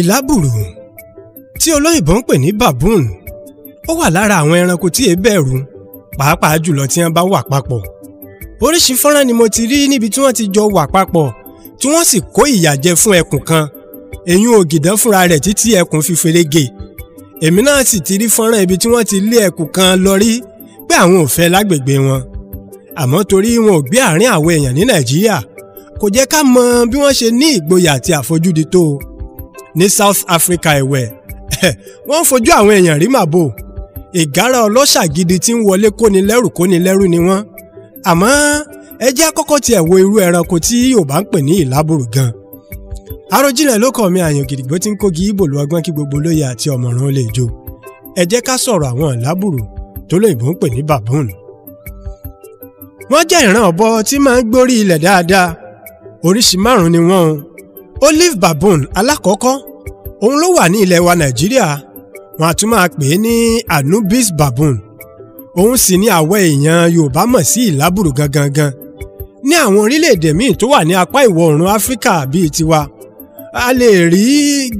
ìlábùrù tí olóyìnbó ń pè ní baboon ó wà lára àwọn ẹranko tí èé bẹ̀rù pàápàá jùlọ tí wọ́n bá wà papọ̀ oríṣi fọ́nrán ni mo ti rí níbi tí wọ́n ti jọ wà papọ̀ tí wọ́n sì kó ìyà fún ẹkùn kan èyún ògìdán fúnra rẹ̀ títí ẹkùn fi ferege èmi náà sì ti rí fọ́nrán ibi tí wọ́n ti lé ẹkùn kan lọ rí pé àwọn ò fẹ́ lágbègbè wọn àmọ́ torí wọn ò gbé àárín àwọn èèyàn ní nàìjíríà kò jẹ́ ká mọ bí wọ́n ṣe ní ìgboyà àti àfojúdi tó o ní South Africa ẹ̀wẹ̀ wọ́n ń fojú àwọn èèyàn rí màbo ìgárá ọlọ́ṣà gidi tí ń wọlé kónilẹ́rù kónilẹ́rù ni wọ́n àmọ́ ẹ jẹ́ àkọ́kọ́ tiẹ̀ wo irú ẹranko tí Yorùbá ń pè ní ìlábùrù gan Àròjinlẹ̀ ló kọ́ mi àyàn gidigbo tí ń kógi ibo lu ọgbọ́n kí gbogbo olóye àti ọ̀mọ̀ràn lè jó ẹ jẹ́ ká sọ̀rọ̀ àwọn ìlábùrù tó lóyìnbó ń pè ní baboon wọ́n jẹ́ ìran ọ̀bọ tí máa ń gbórí ilẹ̀ dáadáa oríṣi márùn-ún ni wọ́n olive baboon alákọ̀ọ́kọ́ òun ló wà ní ilẹ̀ wa nàìjíríà wọn a tún máa pè é ní anubis baboon òun sì ni àwọ̀ èèyàn yorùbá mọ̀ sí ìlábùrù gangan gan ní àwọn orílẹ̀-èdè míì tó wà ní apá ìwọ̀ oòrùn áfíríkà bíi tiwa a lè rí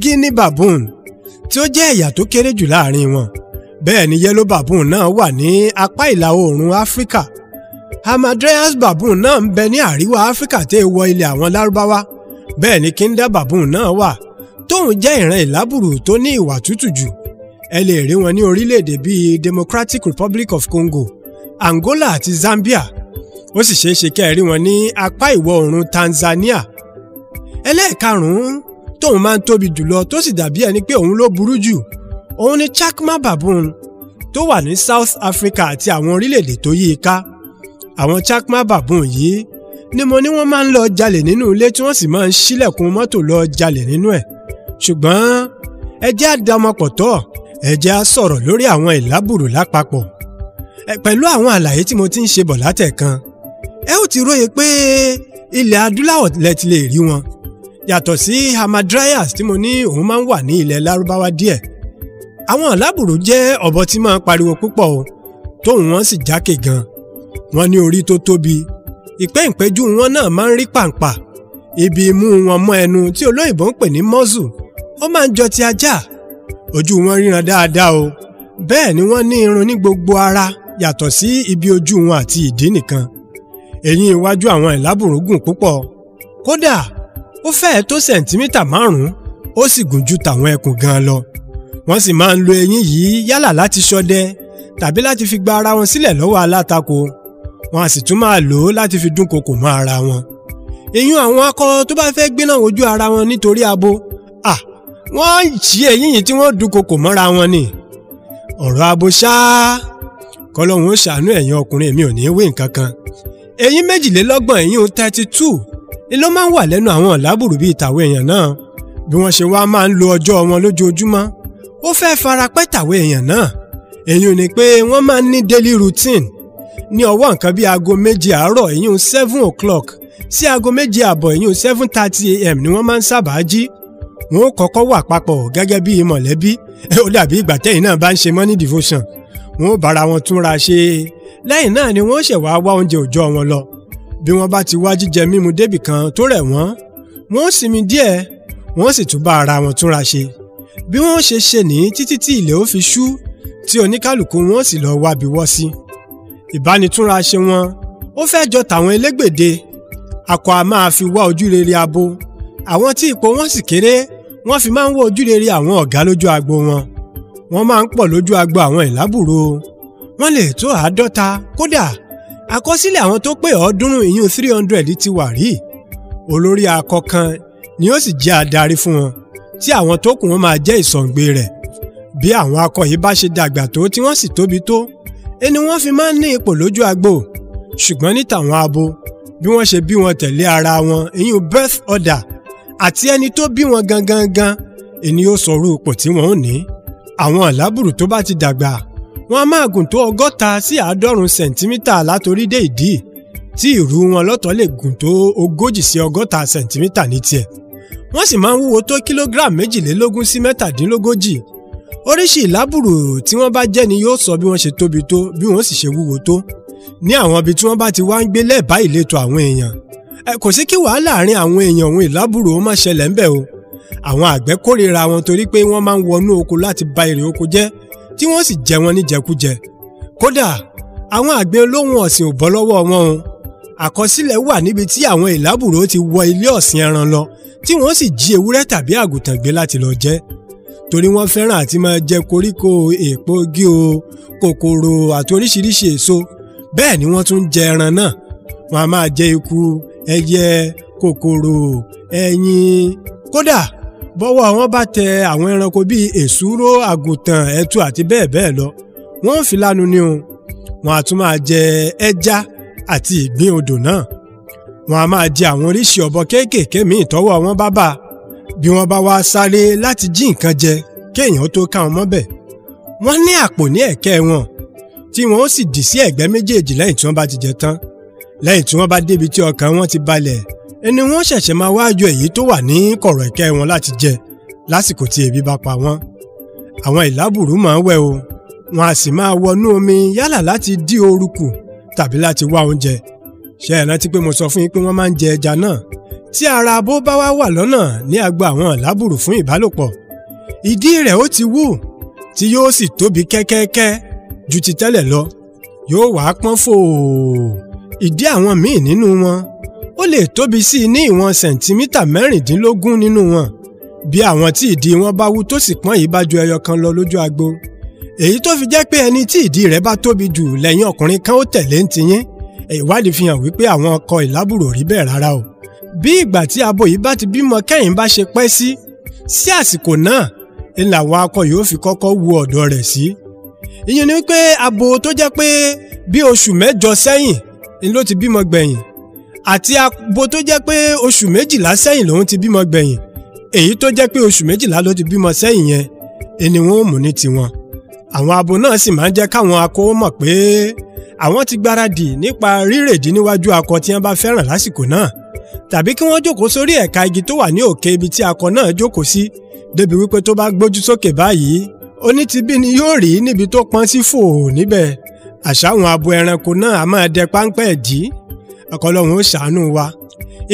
guinea baboon tí ó jẹ́ ẹ̀yà tó kéré jù láàrin wọn bẹ́ẹ̀ ni yellow baboon náà wà ní apá ìlà oòrùn áfíríkà hamadryas baboon náà ń bẹ ní àríwá áfíríkà tẹ́ ẹ wọ ilẹ̀ àwọn lárúbáwá bẹ́ẹ̀ ni kí ń dábàbùn náà wà tóun jẹ́ ìran ìlábùrù tó ní ìwà tútù jù ẹ lè rí wọn ní orílẹ̀-èdè bíi Democratic Republic of Congo Angola àti Zambia ó sì ṣeé ṣe kẹ́ ẹ rí wọn ní apá ìwọ̀ oòrùn Tanzania ẹlẹ́ẹ̀karùn-ún tóun máa ń tóbi jùlọ tó sì dàbí ẹni pé òun ló burú jù òun ni Chakma Baboon tó wà ní South Africa àti àwọn orílẹ̀-èdè tó yí i ká àwọn Chakma Baboon yìí ni mo ní wọ́n máa ń lọ jalè nínú ilé tí wọ́n sì máa ń ṣílẹ̀kùn mọ́tò lọ jalè nínú ẹ̀ ṣùgbọ́n ẹ jẹ́ á da ọmọ pọ̀ tọ́ ẹ jẹ́ á sọ̀rọ̀ lórí àwọn ìlábùrù lápapọ̀ pẹ̀lú àwọn àlàyé tí mo ti ń ṣe bọ̀ látẹ̀kan ẹ ó ti róye pé ilẹ̀ adúláwọ̀ lẹ ti lè rí wọn yàtọ̀ sí hamadryas tí mo ní òun máa ń wà ní ilẹ̀ lárúbáwá díẹ̀ àwọn ìlábùrù jẹ́ ọ̀bọ tí máa ń pariwo púpọ̀ o tóun wọn sì jákè gan wọn ní orí tó tóbi ìpẹ́ǹpẹ́jú wọn náà máa ń rí pàǹpà ibi imú wọn mọ́ ẹnu tí olóyìnbó ń pè ní muzzle ó máa ń jọ ti ajá ojú wọn ríran dáadáa o bẹ́ẹ̀ ni wọ́n ní irun ní gbogbo ara yàtọ̀ sí ibi ojú wọn àti ìdí nìkan eyín iwájú àwọn ìlábùrún púpọ̀ kódà ó fẹ́ẹ̀ tó sẹ̀ǹtímítà márùn-ún ó sì gùn ju tàwọn ẹkùn gan lọ wọ́n sì máa ń lo eyín yìí yálà láti ṣọdẹ tàbí láti fi gba ara wọn sílẹ̀ lọ́wọ́ alátakò wọn a sì tún máa lò ó láti fi dúnkokò mọ́ ara wọn. èyún àwọn akọ tó bá fẹ́ gbéná wojú ara wọn nítorí abo à wọ́n ń ṣí ẹ̀yìn yìí tí wọ́n dúnkokò mọ́ra wọn ni. ọ̀rọ̀ abo ṣáá kọlọ́hún ó ṣàánú ẹ̀yin ọkùnrin mi ò ní í wé nǹkan kan. èyí méjìlélọ́gbọ̀n èyí thirty two ni ló máa ń wà lẹ́nu àwọn ọ̀làbùrù bíi tàwọn èèyàn náà bí wọ́n ṣe wá máa ń lo ọjọ́ wọn lójoojúmọ́ ó fẹ́ fara pẹ́ tàwọn èèyàn náà èyí ò ní pé wọ́n máa ń ní daily routine ní ọwọ́ nǹkan bíi aago méje àárọ̀ ìyún seven o'clock sí aago méje àbọ̀ ìyún seven thirty a.m. ni wọ́n máa ń sábà jí wọn ó kọ́kọ́ wà papọ̀ gẹ́gẹ́ bí mọ̀lẹ́bí ó dàbí ìgbà tẹ́yìn náà bá ń ṣe money devotion wọn ó bára wọn túnra ṣe lẹ́yìn náà ni wọ́n ṣẹ̀ wá wá oúnjẹ òòjọ́ wọn lọ bí wọ́n bá ti wá jíjẹ mímu débì kan tó rẹ̀ wọ́n wọ́n ó sinmi díẹ̀ wọ́n sì tún bá ara wọn túnra ṣe bí wọ́n ṣe ṣe ní títí tí ilẹ̀ ó fi ṣú tí oníkálukú wọn sì lọ wábi wọ́ sí. Si ìbánitúnra ṣe wọn ó fẹ́ jọ tàwọn elégbède akọ a máa fi wá ojúrere abo àwọn tí ipò wọn sì kéré wọ́n fi máa ń wá ojúrere àwọn ọ̀gá lójú agbo wọn wọ́n máa ń pọ̀ lójú agbo àwọn ìlábùrò wọ́n lè tó àádọ́ta kódà àkọsílẹ̀ àwọn tó pé ọ̀ọ́dúnrún ìyún three hundred ti wà rí olórí akọ kan ni ó sì jẹ́ adarí fún wọn tí àwọn tó kù wọn máa jẹ́ ìsọ̀ǹgbè rẹ̀ bí àwọn akọ yìí bá ṣe dàgbà tó tí wọ́n sì tóbi tó ẹni wọ́n fi máa ń ní ipò lójú agbo ṣùgbọ́n ní tàwọn abo bí wọ́n ṣe bí wọn tẹ̀lé ara wọn ìyún birth order àti ẹni tó bí wọn gangan gan ẹni yóò sọ irú ipò tí wọ́n ò ní àwọn àlábùrù tó bá ti dàgbà wọ́n á máa gùn tó ọgọ́ta sí àádọ́rùn sẹ̀ǹtímítà látorí dé ìdí tí ìrù wọn lọ́tọ̀ lè gùn tó ogójì sí ọgọ́ta sẹ̀ǹtímítà ní tiẹ̀ wọ́n sì máa ń wúwo tó kílógíráàmù méjìlélógún sí mẹ́tàdínlógójì oríṣi ìlábùrù tí wọ́n bá jẹ́ ni yóò sọ bí wọ́n ṣe tóbi tó bí wọ́n sì ṣe wúwo tó ní àwọn ibi tí wọ́n bá ti wá ń gbé lẹ́ẹ̀bá ìletò àwọn èèyàn ẹ kò sí kí wàhálà àárín àwọn èèyàn òun ìlábùrù ó má ṣẹlẹ̀ ńbẹ̀ o àwọn àgbẹ̀ kórìíra wọn torí pé wọ́n máa ń wọnú oko láti ba èrè oko jẹ́ tí wọ́n sì jẹ wọn níjẹkújẹ kódà àwọn àgbẹ̀ olóhùn ọ̀sìn ò bọ́ lọ́wọ́ wọn o àkọsílẹ̀ wà níbi tí àwọn ìlábùrù ti wọ ilé ọ̀sìn ẹran lọ tí wọ́n sì jí ewúrẹ́ tàbí àgùntàn gbé láti lọ jẹ torí wọ́n fẹ́ràn àti máa jẹ koríko èèpo igi o kòkòrò àti oríṣiríṣi èso bẹ́ẹ̀ ni wọ́n tún jẹ ẹran náà wọ́n a máa jẹ eku ẹyẹ kòkòrò ẹyin kódà bọ́wọ́ wọn bá tẹ àwọn ẹranko bíi èsúró àgùntàn ẹtu àti bẹ́ẹ̀ bẹ́ẹ̀ lọ wọ́n fi lánu ni o wọ́n a tún máa jẹ ẹja àti ìgbín odò náà wọ́n a máa jẹ àwọn oríṣi ọ̀bọ kéékèèké míì tọ́wọ́ wọn bá bá a bí wọ́n bá wá sáré láti jí nǹkan jẹ kéèyàn tó ká wọn mọ́bẹ̀ wọ́n ní àpò ní ẹ̀kẹ́ wọn tí wọ́n ó sì dì sí ẹ̀gbẹ́ méjèèjì lẹ́yìn tí wọ́n bá ti jẹ tán lẹ́yìn tí wọ́n bá débi tí ọkàn wọn ti balẹ̀ ẹni wọ́n ṣẹ̀ṣẹ̀ máa wá yọ èyí tó wà ní kọ̀rọ̀ ẹ̀kẹ́ wọn láti jẹ lásìkò tí ebi bá pa wọ́n àwọn ìlábùrú máa ń wẹ̀ o wọn a sì máa wọnú omi yálà láti dí ooru tàbí láti wá oúnjẹ ṣe é pé mo sọ fún yín pé wọ́n máa ń jẹ ẹja náà tí ara abo bá wá wà lọ́nà ní agbo àwọn ìlábùrù fún ìbálòpọ̀ ìdí rẹ̀ ó ti wú tí yóò sì tóbi kẹ́kẹ́kẹ́ ju ti tẹ́lẹ̀ lọ yóò wá pọ́n fòò ìdí àwọn míì nínú wọn ó lè tóbi sí i ní ìwọ̀n sẹ̀ǹtímítà mẹ́rìndínlógún nínú wọn bí àwọn tí ìdí wọn bá wú tó sì pọ́n yìí bá ju ẹyọ kan lọ lójú agbo èyí tó fi jẹ́ pé ẹni tí ìdí rẹ̀ bá tóbi jù lẹ́yìn ọkùnrin kan ó tẹ̀lé ń tiyín ìwádìí fi hàn wípé àwọn ọkọ ìlábùrò rí bẹ́ẹ̀ rárá o bí ìgbà tí abo yìí bá ti bímọ kẹ́yìn bá ṣe pẹ́ sí sí àsìkò náà ni làwọn akọ yóò fi kọ́kọ́ wu ọ̀dọ̀ rẹ̀ sí. ìyẹn ni wípé abo tó jẹ́ pé bí oṣù mẹ́jọ sẹ́yìn ni ló ti bímọ gbẹ̀yìn àti abo tó jẹ́ pé oṣù méjìlá sẹ́yìn lòun ti bímọ gbẹ̀yìn èyí tó jẹ́ pé oṣù méjìlá ló ti bímọ sẹ́yìn yẹn ẹni wọn ò mú ní tiwọn àwọn abo náà sì máa ń jẹ́ káwọn akọ mọ̀ pé àwọn ti gbáradì nípa rírèdí níwájú akọ tí wọ́n bá fẹ́ràn lásìkò náà tàbí kí wọ́n jókòó sórí ẹ̀ka igi tó wà ní òkè ibi tí akọ náà jókòó sí débi wípé tó bá gbójú sókè báyìí onítìbí ni yóò rí níbi tó pọ́n sí fò níbẹ̀ àṣàwọn abo ẹranko náà a máa dẹ páńpẹ́ dì í ó ṣàánú wa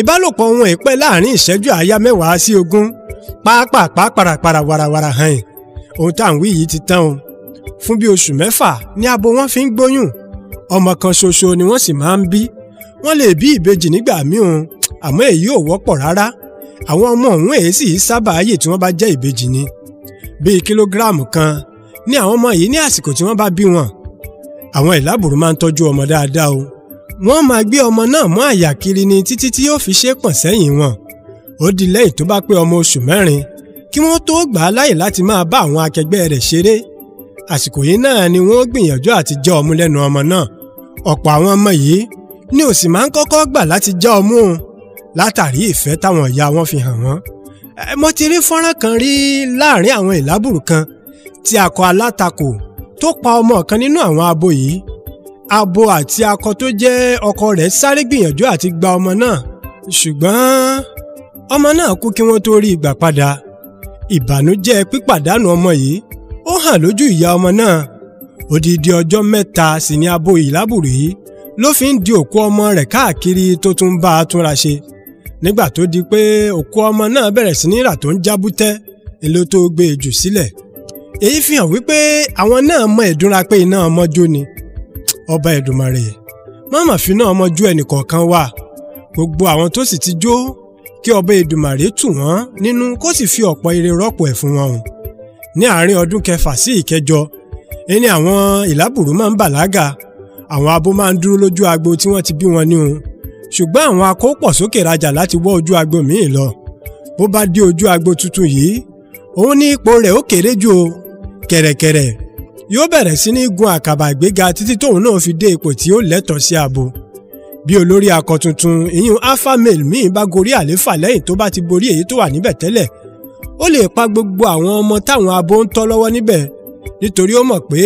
ìbálòpọ̀ wọn èpẹ́ láàrin ìṣẹ́jú àáyá mẹ́wàá sí ogún pàápàá pàràpàrà wàràwàrà hàn ohun tá à ń wí yìí ti tán o fún bí oṣù mẹ́fà ni abo wọn fi ń gbóyún ọmọ kan ṣoṣo ni wọ́n sì máa ń bí wọ́n lè bí ìbejì nígbà míì àmọ́ èyí ò wọ́pọ̀ rárá àwọn ọmọ ọ̀hún èyí sì sábà yè tí wọ́n bá jẹ́ ìbejì ni bíi kílógíráàmù kan ní àwọn ọmọ yìí ní àsìkò tí wọ́n bá bí wọn àwọn ìlábùrú máa ń tọ́jú ọmọ dáadáa o wọ́n máa gbé ọmọ náà mọ́ àyà kiri ni títí tí yóò fi ṣe pọ̀n sẹ́yìn wọn ó di lẹ́yìn tó bá pé ọmọ oṣù mẹ́rin kí wọ́n tó gbà á láyè láti máa bá àwọn akẹgbẹ́ rẹ̀ ṣeré àsìkò yìí náà ni wọ́n gbìyànjú àti já ọmú lẹ́nu ọmọ náà ọ̀pọ̀ àwọn ọmọ yìí ni ò sì máa ń kọ́kọ́ gbà láti já ọmú òun látàrí ìfẹ́ táwọn ìyá wọn fi hàn wọ́n. mo ti rí fọ́nrán kan rí láàrin àwọn ìlábùrú kan tí akọ alátakò tó pa ọmọ kan nínú àwọn abo yìí abo àti akọ tó jẹ́ ọkọ rẹ̀ sáré gbìyànjú àti gba ọmọ náà ṣùgbọ́n ọmọ náà kú kí wọ́n tó rí ìgbà padà ìbànújẹ́ pípàdánù ọmọ yìí ó hàn lójú ìyá ọmọ náà odidi ọjọ́ mẹ́ta sì ni abo ìlábùrú yìí ló fi ń di òkú ọmọ rẹ̀ káàkiri tó tún bá a túnra ṣe nígbà tó di pé òkú ọmọ náà bẹ̀rẹ̀ sí ní rà tó ń jábútẹ́ èlò tó gbé e jù sílẹ̀ èyí fi hàn wípé àwọn náà mọ ìdúnra pé iná ọmọ jó ni ọba Èdùmàrè mọ́mà fi náà ọmọ jó ẹnìkọ̀ọ̀kan wà gbogbo àwọn tó sì ti jó kí ọba Èdùmàrè tù wọ́n nínú kó sì fi ọ̀pọ̀ ire rọ́pò ẹ̀ fún wọn o ní àárín ọdún kẹfà sí ìkẹjọ ẹni àwọn ìlábùrú máa ń bàlágà àwọn abo máa ń dúró lójú agbo tí wọ́n ti bí wọn ní o ṣùgbọ́n àwọn akópọ̀sókè rajà láti wọ́ ojú agbo míì lọ bó bá dé ojú agbo tuntun yìí òun ní ipò rẹ̀ ó kéré ju o kẹ̀rẹ̀kẹ̀rẹ̀ yóò bẹ̀rẹ̀ sí ní gun àkàbà ìgbéga títí tóun náà fi dé ipò tí ó lẹ́tọ̀ọ́ sí ààbò bí olórí akọ tuntun ìyún alpha male míì bá gorí àléfà lẹ́yìn tó bá ti borí èyí tó wà níbẹ̀ tẹ́lẹ̀ ó lè pa gbogbo àwọn ọmọ táwọn abo ń tọ́ lọ́wọ́ níbẹ̀ nítorí ó mọ̀ pé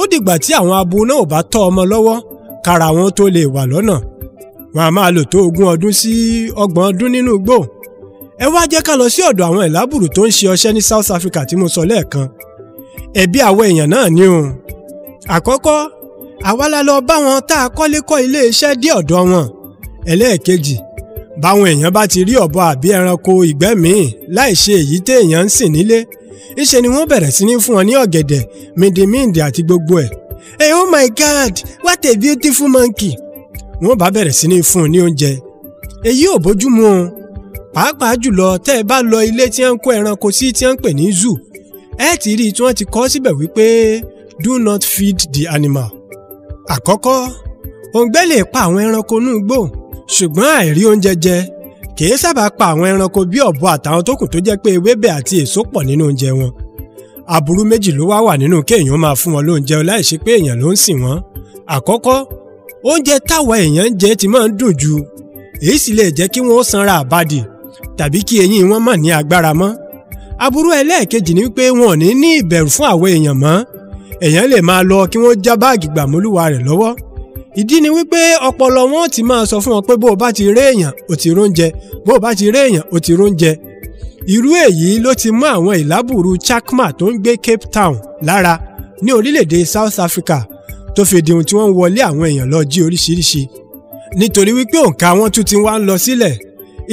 ó dìgbà tí àwọn abo náà ò bá tọ́ ọmọ lọ́wọ́ kára wọn tó lè wà lọ́nà wọn a máa lò tó ogún ọdún sí ọgbọ̀n ọdún nínú igbó ẹ wá jẹ́ ká lọ sí ọ̀dọ̀ àwọn ìlábùrù tó ń ṣe ọṣẹ́ ní South Africa tí mo sọ lẹ́ẹ̀kan ẹ̀bi àwọn èèyàn náà ni o àkọ́kọ́ àwa la lọ bá wọn tá a kọ́lé kọ́ ilé iṣẹ́ dé ọ̀dọ̀ wọn ẹlẹ́ẹ̀kejì báwọn èèyàn bá ti rí ọ̀bọ àbí ẹranko ìgbẹ́ míì láì ṣe èyí téèyàn ń sìn nílé ńṣe ni wọ́n bẹ̀rẹ̀ sí ní fún wọn ní ọ̀gẹ̀dẹ̀ mìndìmíǹdì àti gbogbo ẹ̀. hey oh my god what a beautiful monkey wọ́n bá bẹ̀rẹ̀ sí ní fún un ní oúnjẹ èyí ò bójúmu o pàápàá jùlọ tẹ́ ẹ bá lọ ilé tí wọ́n ń kó ẹranko sí tí wọ́n ń pè ní zoo ẹ ti rí i tí wọ́n ti kọ́ síbẹ̀ wípé do not feed the animal. àkọ́kọ́ òǹgbẹ lè pa àwọn ẹranko inú igbó ṣùgbọ́n àìrí oúnjẹ jẹ kìí sábà pa àwọn ẹranko bí ọ̀bọ àtàwọn tó kù tó jẹ́ pé ewébẹ̀ àti èso pọ̀ nínú oúnjẹ wọn aburú méjì ló wá wà nínú kéèyàn máa fún wọn lóúnjẹ láìsí pé èèyàn ló ń sìn wọn àkọ́kọ́ oúnjẹ táwa èèyàn ń jẹ ti máa ń dùn ju èyí sì lè jẹ́ kí wọ́n sanra àbàdì tàbí kí eyín wọn má ní agbára mọ́ aburú ẹlẹ́ẹ̀kejì ni pé wọn ò ní ní ìbẹ̀rù fún àwọn èèyàn mọ́ èèyàn lè máa lọ kí wọ́n já báàgì gbàmúlùwà rẹ̀ lọ́wọ́ ìdí ni wípé ọpọlọ wọn ti máa sọ fún wọn pé bó o bá ti rí èèyàn o ti róúnjẹ bó o bá ti rí èèyàn o ti róúnjẹ irú èyí ló ti mú àwọn ìlábùrú Chakma tó ń gbé Cape Town lára ní orílẹ̀-èdè South Africa tó fi tí wọ́n ń wọlé àwọn èèyàn lọ jí oríṣiríṣi nítorí wípé òǹkà wọn tún ti wá ń lọ sílẹ̀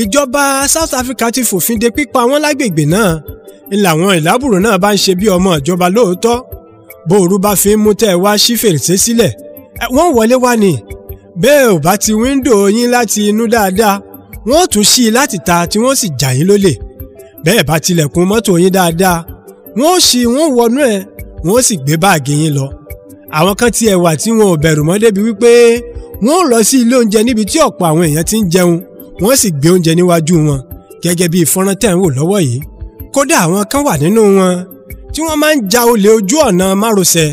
ìjọba South Africa ti fòfin de pípa wọn lágbègbè náà ńláwọn ìlábùrò náà bá ń ṣe bí ọmọ ìjọba lóòótọ́ bóoru bá fi ń mú tẹ́ ẹ wá ṣí fèrèsé sílẹ̀ wọ́n wọlé wá ni bẹ́ẹ̀ ò bá ti wíńdò yín láti inú dáadáa wọ́n tún ṣí i láti ta tí wọ́n sì jà yín lólè bẹ́ẹ̀ bá tilẹ̀kùn mọ́tò yín dáadáa wọ́n ṣí wọ́n wọnú ẹ̀ wọ́n sì gbé báàgì yín lọ àwọn kan ti ẹ̀wà tí wọn ò bẹ̀rù mọ́ débi wípé wọn ò lọ sí ilé oúnjẹ níbi tí ọ̀pọ̀ àwọn èèyàn ti ń jẹun wọ́n sì gbé oúnjẹ níwájú wọn gẹ́gẹ́ bí fọ́nrán tẹ̀ ń wò lọ́wọ́ yìí kódà àwọn kan wà nínú wọn tí wọ́n máa ń ja olè ojú ọ̀nà márosẹ̀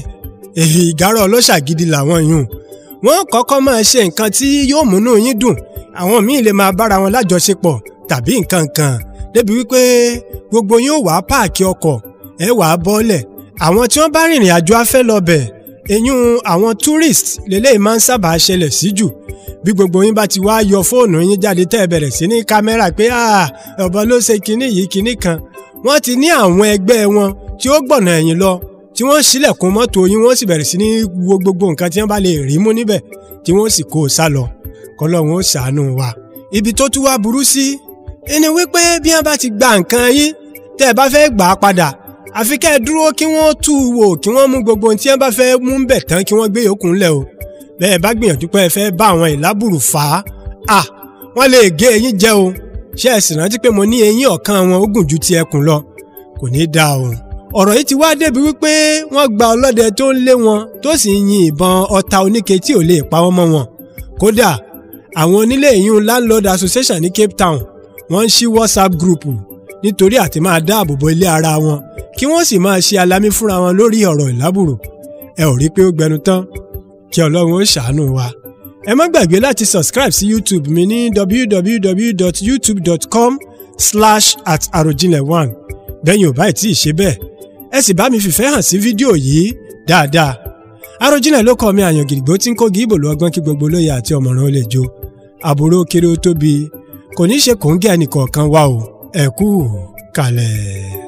èyí ìgárá ọlọ́ṣà làwọn yùn wọ́n kọ́kọ́ máa ṣe nǹkan tí yóò múnú yín dùn àwọn míì lè máa bára wọn lájọṣepọ̀ tàbí nǹkan kan débi wípé gbogbo yín ó páàkì ọkọ̀ ẹ wàá bọ́ọ̀lẹ̀ àwọn tí wọ́n bá rìnrìn àjò afẹ́ lọ bẹ̀ èyún àwọn tourist lélẹ́yìí máa ń sábà ṣẹlẹ̀ sí jù bí gbogbo yín bá ti wá yọ fóònù yín jáde tẹ́ ẹ bẹ̀rẹ̀ sí ní kámẹ́rà pé ọ̀bọ ló ṣe kinní yìí kinní kan wọ́n ti ní àwọn ẹgbẹ́ wọn tí ó gbọ̀nà ẹ̀yìn lọ tí wọ́n ṣílẹ̀kùn mọ́tò yín wọ́n sì bẹ̀rẹ̀ sí ní wo gbogbo nǹkan tí wọ́n bá lè rí mú níbẹ̀ tí wọ́n sì kó o sá lọ kọ́lọ́run ó ṣàánú wa. ibi tó tún wá burú sí ẹni wípé bí wọ́n bá ti gba nǹkan yín tẹ́ ẹ bá fẹ́ gbà á padà àfi ká ẹ dúró kí wọ́n tú u wò kí wọ́n mú gbogbo ohun tí wọ́n bá fẹ́ mú bẹ̀ tán kí wọ́n gbé yòókù ńlẹ̀ o bẹ́ẹ̀ bá gbìyànjú pé ẹ fẹ́ bá àwọn ìlábùrù fà á à wọ́n lè gé eyín jẹ o ṣé ẹ sì rántí pé mo ní eyín ọ̀kan wọn ó gùn ju ti ẹkùn lọ kò ní í dáa o ọ̀rọ̀ yìí ti wá débi wípé wọ́n gba ọlọ́dẹ tó ń lé wọn tó sì ń yin ìbọn ọta oníke tí ò lè pa wọ́n mọ́ wọn kódà àwọn onílé ìyún landlord association ní Cape Town wọ́n ń ṣí WhatsApp group nítorí àti máa dáàbò bo ilé ara wọn kí wọ́n sì máa ṣe alamí fúnra wọn lórí ọ̀rọ̀ ìlábùrù ẹ ò rí pé ó gbẹnu tán kí ọlọ́run ó ṣàánú wa ẹ má gbàgbé láti subscribe sí youtube mi ní www.youtube.com slash at àròjinlẹ̀ one bẹ́yìn ò báyìí tí ì ṣe bẹ́ẹ̀ ẹ sì bá mi fìfẹ́ hàn sí fídíò yìí dáadáa àròjinlẹ̀ ló kọ́ mi àyàn gidigbo tí ń kó gíbò lu ọgbọ́n kí gbogbo lóye àti ọ̀mọ̀ràn ó lè jo àbúrò kéré ó tóbi kò ní í ṣe kòńgẹ́ ẹnìkọ̀ọ̀kan wa o ẹ kú kalẹ̀.